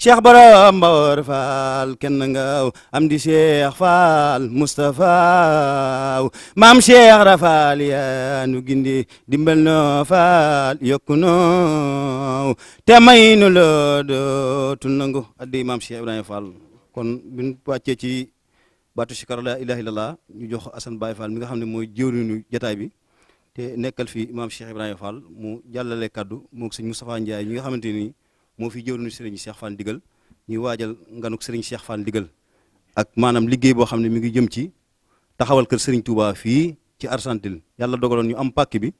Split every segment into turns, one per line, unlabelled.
cheikh borom Mbaor Fall kenn ngaw am di cheikh Fall Moustapha maam cheikh Rafal yaa nu gindi dimbal noo Fall yokku noo te may nu loo tun nangu addi maam cheikh Ibrahima Fall kon bu ñu wàccee ci baatu sikar la ilaha illallah ñu jox asan Baye Fall mi nga xam ne jotaay bi. te nekkal fi maam Cheikh Ibrahima Fall mu jàllale kaddu moog sëñ Moustapha Ndiaye ñi nga xamante ni moo fi jëwriñu sëriñ Cheikh Fall Ndigal ñuy waajal nganuk sëriñ Cheikh Fall Ndigal ak maanaam liggéey boo xam ne mi ngi jëm ci taxawal kër sëriñ Touba fii ci Argentine yàlla dogaloon ñu am pàkk bi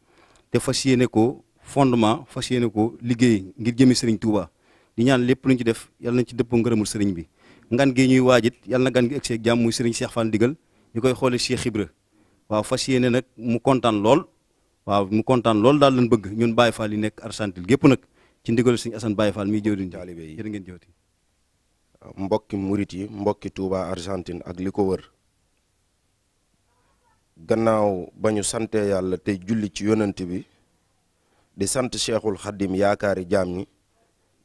te fas yéene ko fondement fas yéene ko liggéey ngir jëmi sëriñ Touba di ñaan lépp luñ ci def yalla nañ ci dëppoo ngërëmul sëriñ bi ngan gee ñuy waajit yalla na gan gi egsi ak jàmm muy sëriñ Cheikh Fall Ndigal ñu koy xoole Cheikh Ibra waaw fas yéene nag mu kontaan lool waaw mu kontaan lool daal lañ bëgg ñun Baye Fall yi nekk Argentine gépp nag ci ndigal Sëriñ Assane Baye Fall mi jëwriñ taalibe yi jërë ngeen jëwti
mbokki murit yi mbokki Touba Argentine ak li ko wër gannaaw ba ñu sante yàlla tey julli ci yonent bi di sant Cheikhul Khadim yaakaari jaam ñi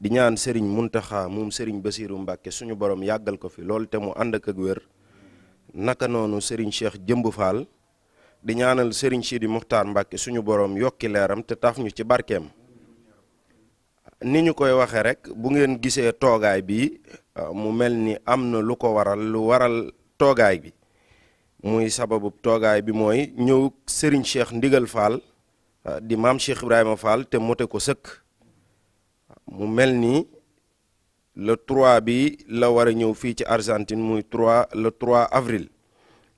di ñaan Serigne Mountakha moom Serigne Bassirou Mbacké suñu borom yàggal ko fi lool te mu ànd ak ak wér naka noonu Serigne Cheikh Jëmb Fall di ñaanal Serigne Sidi Muxtaar Mbacké suñu borom yokki leeram te taaf ñu ci barkeem ni ñu koy waxee rek bu ngeen gisee toogaay bi euh, mu mel ni am na lu ko waral lu waral toogaay bi muy sababu toogaay bi mooy ñëw Serigne Cheikh Ndigal Fall euh, di maam Cheikh Ibrahima Fall te mote ko sëkk mu mel ni le troit bi la war a ñëw fii ci Argentine muy 3 le 3 avril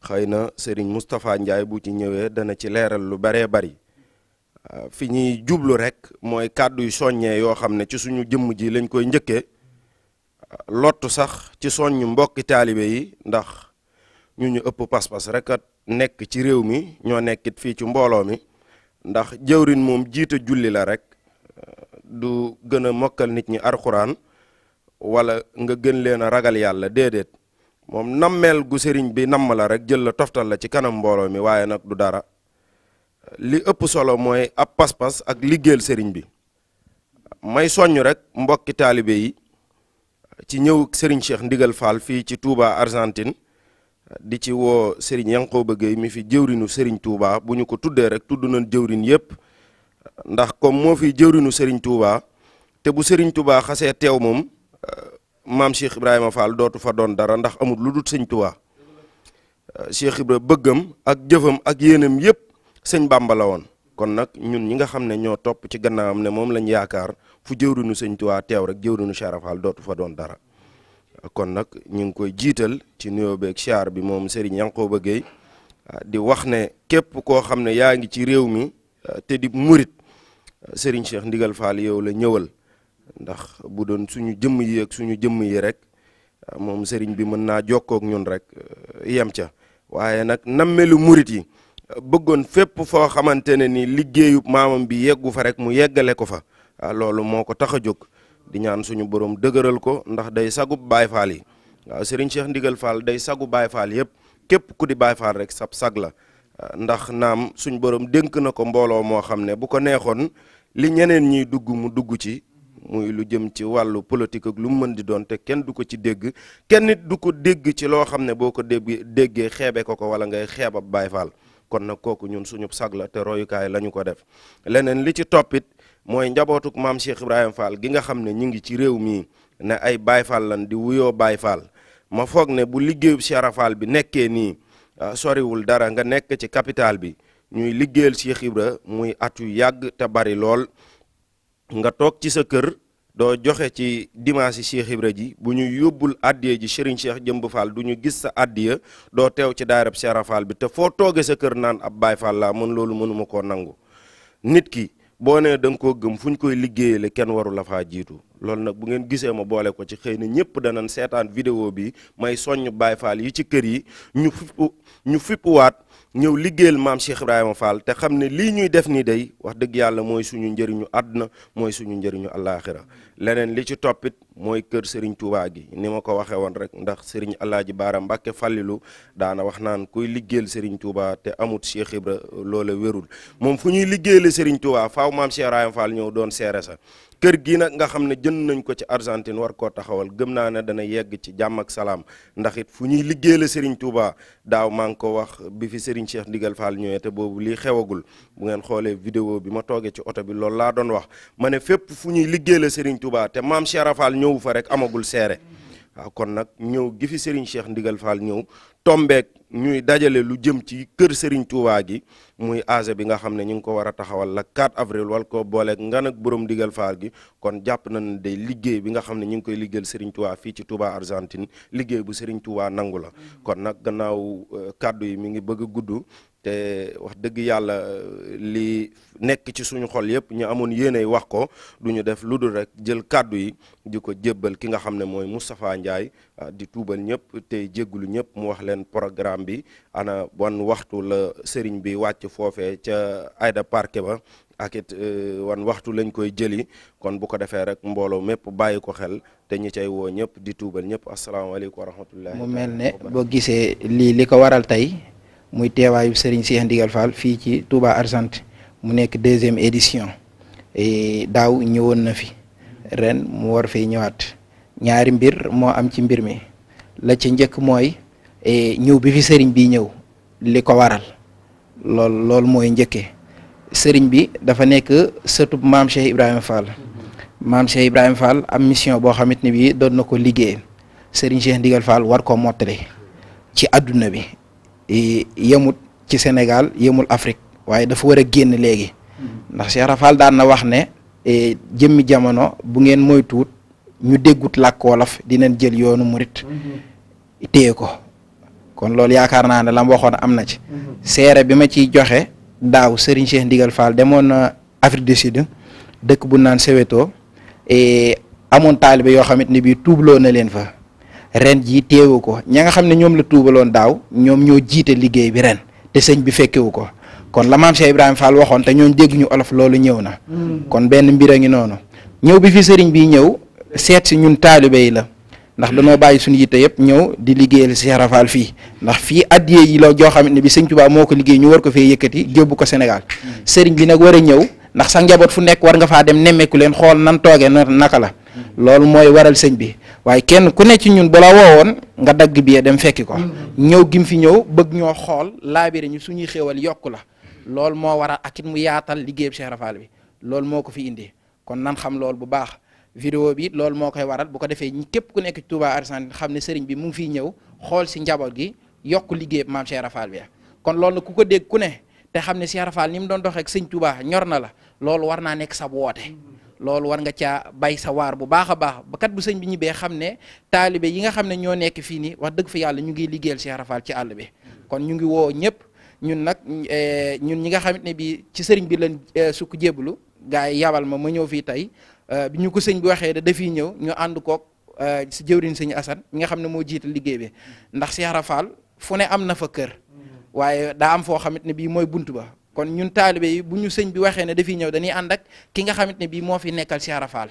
xëy na Serigne Moustapha Ndiaye bu ci ñëwee dana ci leeral lu baree bari. fi ñuy jublu rek mooy kàddu yu yoo xam ne ci suñu jëmm ji lañ koy njëkkee lottu sax ci soññ mbokki taalibe yi ndax ñu ñu ëpp pas-pas rek a nekk ci réew mi ñoo nekkit fii ci mbooloo mi ndax jëwrin moom jiita julli la rek du gën a mokkal nit ñi arxuraan wala nga gën leen a ragal yàlla déedéet moom nammeel gu sëriñ bi namm la rek jël la toftal la ci kanam mbooloo mi waaye nag du dara li ëpp solo mooy ab pas-pas ak liggéel sëriñ bi may soññ rek mbokki taalibe yi ci ñëw sëriñ Cheikh Ndigal Fall fii ci Touba Argentine di ci woo sëriñ Yankooba Gueye mi fi jëwrinu sëriñ Touba bu ñu ko tuddee rek tuddu na jëwrin yépp ndax comme moo fi jëwrinu sëriñ Touba te bu sëriñ Touba xasee teew moom euh, maam Cheikh Ibrahima Fall dootu fa doon dara ndax amul lu dul sëñ Touba euh, Cheikh Ibra bëggam ak jëfam ak yéenam yépp sëñ Bàmba la woon kon nag ñun ñi nga xam ne ñoo topp ci am ne moom lañ yaakaar fu jëwriñu sëñ Tuubaa teew rek jëwriñu Cheikh Fall dootu fa doon dara kon nag ñu ngi koy jiital ci nuyoo beeg siyaar bi moom Serigne Yankhoba Gueye ah, di wax ne képp koo xam ne yaa ngi ci réew mi ah, te di murit ah, Serigne Cheikh Ndigal Fall yow la ñëwal ndax bu doon suñu jëmm yi ak suñu jëmm yi rek moom Serigne bi mën naa jokkoo ñun rek yem ca waaye nag nammelu murit yi. bëggoon fépp foo xamante ne ni liggéeyub maamam bi yeggu fa rek mu yeggale ko fa ah, loolu moo ko tax a jóg di ñaan suñu borom dëgëral ko ndax day sagub Baay Faal yi waaw ah, Serigne Cheikh Ndigal Fall day sagu Baay Faal yëpp képp ku di Baay Faal rek sab sag la ah, ndax naam suñu borom dénk na ko mbooloo moo xam ne bu ko neexoon li ñeneen ñiy dugg mu dugg ci muy lu jëm ci wàllu politique ak lu mu mën di doon te kenn du ko ci dégg kenn nit du ko dégg ci loo xam ne boo ko dégg déggee xeebe ko ko wala ngay xeebab Baay kon nag kooku ñun suñu sag la te royukaay lañu ko def leneen li ci toppit mooy njabootuk maam Cheikh Ibrahima Fall gi nga xam ne ñu ngi ci réew mi ne ay Baay Fall lan di wuyoo Baay Fall ma foog ne bu liggéeyub si Fall bi nekkee nii ah, soriwul dara nga nekk ci capital bi ñuy liggéeyal Cheikh xibra muy at yu yàgg te bari lool nga toog ci sa kër doo joxe ci dimanche Cheikh Ibra ji bu ñu yóbbul addiya ji Serigne Cheikh Jëmb Fall du ñu gis sa addiya doo teew ci daayirab Cheikh Fall bi te foo tooge sa kër naan ab Baay Fall laa mën loolu mënuma ko nangu nit ki boo nee da nga koo gëm fu ñu koy liggéeyale kenn waru la faa jiitu loolu nag bu ngeen gisee ma boole ko ci xëy na ñëpp danañ seetaan vidéo bi may soññ Baay Faal yi ci kër yi ñu fippu ñu fippuwaat ñëw liggéeyal maam Cheikh Ibrahima Fall te xam ne lii ñuy def nii day wax dëgg yàlla mooy suñu njëriñu àdduna mooy suñu njëriñu àllaaxira leneen li ci toppit mooy kër Serigne Touba gi ni ma ko waxee woon rek ndax Serigne Alaaji Baara mbake Fàllilu daana wax naan kuy liggéeyal Serigne Touba te amut Cheikh Ibra loola wérul moom fu ñuy liggéeyale Serigne Touba faaw maam Cheikh Ibrahima Fall ñëw doon seere sax kër gi nag nga xam ne jënd nañ ko ci Argentine war koo taxawal gëm naa ne dana yegg ci jàmm ak salaam ndaxit fu ñuy liggéey la Serigne Touba daaw maa ngi ko wax bi fi Serigne Cheikh Ndigal Fall ñëwee te boobu lii xewagul bu ngeen xoolee vidéo bi ma toogee ci oto bi loolu laa doon wax ma ne fépp fu ñuy liggéey la Serigne Touba te maam Cheikh Rafal ñëwu fa rek amagul seere waaw kon nag ñëw gi fi Serigne Cheikh Ndigal Fall ñëw tombeek ñuy dajale lu jëm ci kër Serigne Touba gi muy âge bi nga xam ne ñu ngi ko war a taxawal la 4 avril wal ko booleeg nga nag boroom digal faal gi kon jàpp na ne liggéey bi nga xam ne ñu ngi koy liggéeyal Serigne Touba fii ci Touba Argentine liggéey bu Serigne Touba nangu la mm-hmm. kon nag gannaaw euh, kàddu yi mi ngi bëgg gudd te euh, wax dëgg yàlla euh, li nekk ci suñu xol yëpp ñu amoon yéeney wax ko du ñu def lu dul rek jël kàddu yi di ko jébbal ki nga xam ne mooy Moustapha Ndiaye di tuubal ñëpp tey jéggulu ñëpp mu wax leen programme programme bi ana wan waxtu la sëriñ bi wàcc foofe ca Aïda Park ba ak it euh, wan waxtu lañ koy jëli kon bu ko defee rek mbooloo mépp bàyyi ko xel te ñi cay woo ñëpp di tuubal ñëpp
asalaamaaleykum wa rahmatullah mu mel ne boo gisee lii li ko waral tey muy teewaayu sëriñ Cheikh Ndigal Fall fii ci Touba Argentine mu nekk deuxième édition e, daaw ñëwoon na fi ren mu war fee ñëwaat ñaari mbir moo am ci mbir mi la ci njëkk mooy E ñëw bi fi sëriñ bi ñëw li ko waral lool loolu mooy njëkke sëriñ bi dafa nekk sëtub maam Cheikh Ibrahima Fall maam Cheikh am mission boo xamante ne bii doon na ko liggéey sëriñ Cheikh Ndigal Fall war koo mottali ci àdduna bi e, yemut ci Sénégal yemul Afrique waaye dafa war a génn léegi ndax Cheikh Rafal daan na wax ne e, jëmmi jamono bu ngeen moytuwut ñu déggut làkk wolof dinañ jël yoonu murit téye ko kon loolu yaakaar naa ne la waxoon am na ci. Mhm. seere bi ma ciy joxe daaw Serigne Cheikh Ndigal Fall demoon na Afrique di Sud dëkk bu naan Soweto amoon taalibe yoo xamit ni bii tuubloo na leen fa ren jii teewu ko ña nga xam ne ñoom la tuubaloon daaw ñoom ñoo jiite liggéey bi ren te sëñ bi fekkewu ko kon la maam Cheikh Ibrahima waxoon te ñoom dégguñu olof loolu ñëw na. Mhm. kon benn mbir a ngi noonu. ñëw bi fi sëriñ bi ñëw seet si ñun taalibe yi la. ndax danoo bàyyi suñu yitte yëpp ñëw di liggéeyal Cheikh Rafaal fii ndax fii addiye yi la joo xam bi sëñ Tuubaa moo ko liggéey ñu war ko fee yëkkati jébbu ko senegal mm. sëriñ bi nag war a ñëw ndax sa njaboot fu nekk war nga faa dem nemmeeku leen xool nan toogee naka la mm. loolu mooy waral sëñ bi waaye kenn ku ne ci ñun bu la woowoon nga dagg bi dem fekki ko mm. ñëw gim fi ñëw bëgg ñoo xool laabire ñu suñuy xéewal yokku la loolu moo waral ak it mu yaatal liggéeyam Cheikh Rafaal bi loolu moo ko fi indi kon nan xam loolu bu baax vidéo bi it loolu moo koy waral bu ko defee képp ku nekk ci Touba Argentine xam ne sëriñ bi mu ngi fiy ñëw xool si njaboot gi yokk liggéey maam Cheikh Rafal bi kon loolu nag ku ko dégg ku ne te xam ne Cheikh Rafal ni mu doon doxee ak ñor na la loolu war naa nekk sa woote loolu war nga caa bay sa waar bu baax a baax ba kat bu sëñ bi ñibbee xam ne taalibe yi nga xam ne ñoo nekk fii nii wax dëgg fa yàlla ñu ngi liggéeyal Cheikh Rafal ci àll bi kon ñu ngi woo ñëpp ñun nag eh, ñun ñi nga xamante ne bii ci sëriñ bi lañ eh, sukk jéblu gaa yi yabal ma ma ñëw fii tey Euh, bi ñu ko sëñ bi waxee da dafiy ñëw ñu ànd koog euh, si jëwriñ sëñ Assane mi nga xam ne moo jiital liggéey bi ndax Cheikh Ibra fu ne am na fa kër waaye daa am foo xamit ne bii mooy bunt ba kon ñun taalibe yi bu ñu sëñ bi waxee ne dafiy ñëw dañuy ànd ak ki nga xamit ne bii moo fi nekkal Cheikh Ibra Fall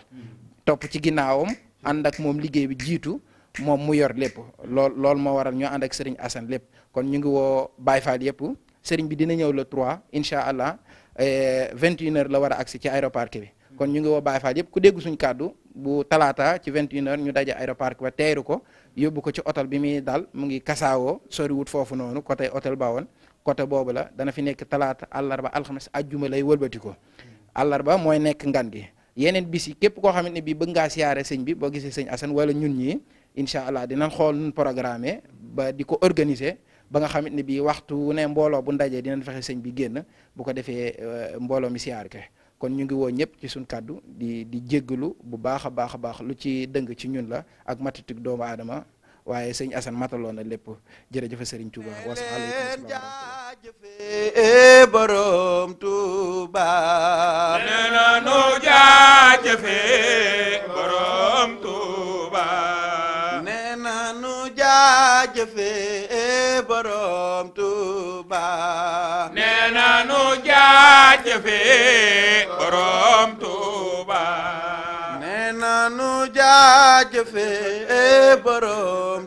topp ci ginnaawam ànd ak moom liggéey bi jiitu moom mu yor lépp lool loolu moo waral ñu ànd ak sëriñ Assane lépp kon ñu ngi woo Baye Fall yëpp sëriñ bi dina ñëw le 3 incha allah 21h euh, la war a agsi ci aéroport bi kon ñu ngi woo Baye Fall yëpp ku dégg suñ kàddu bu talaata ci 21h ñu daje aéroport ba teeru ko yóbbu ko ci hôtel bi muy daal mungi ngi kasaawoo wut foofu noonu côté hôtel ba woon côté boobu la dana fi nekk talaata àllarba alxames ajjuma lay wëlbati ko àllarba mooy nekk ngan gi yeneen bis yi képp koo xamante ne bii bëgg ngaa siyaare sëñ bi bo gisee sëñ Assane wala ñun ñii incha allah dina xool nun programme ba di ko organiser ba nga xamante ne bii waxtu ne mbooloo bu ndaje dinañ fexe sëñ bi génn bu ko defee euh, mbooloo mi siyaar kon ñu ngi woo ñëpp ci suñ kàddu di di jéggalu bu baax a baax a baax lu ci dëng ci ñun la ak matatuk doomu aadama waaye sëñ Assane mataloon na lépp jërëjëf Serigne Touba wasalaamaaleykum
jaajëfe borom Touba nee nu jaajëfe borom Touba nee na eh, wàcc fee borom Touba. nee na nu jaajëfee borom